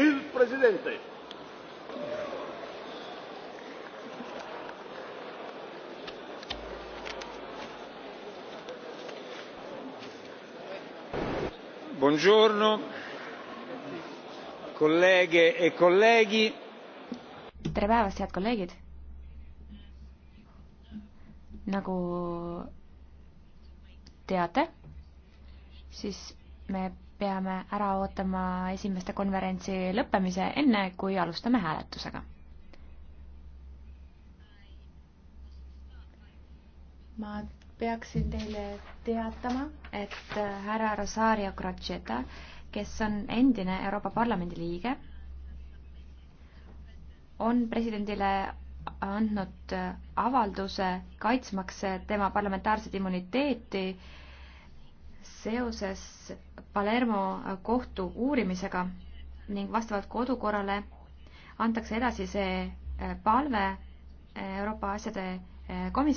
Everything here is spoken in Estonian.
il Presidente. Buongiorno, kolleege e kolleegi. tere päevast, head kolleegid. nagu teate, siis me peame ära ootama esimeste konverentsi lõppemise, enne kui alustame hääletusega. ma peaksin teile teatama, et härra Rosario Croceta, kes on endine Euroopa Parlamendi liige, on presidendile andnud avalduse kaitsmaks tema parlamentaarset immuniteeti seoses Palermo kohtu uurimisega ning vastavalt kodukorrale antakse edasi see eh, palve eh, Euroopa asjade eh, komisjoni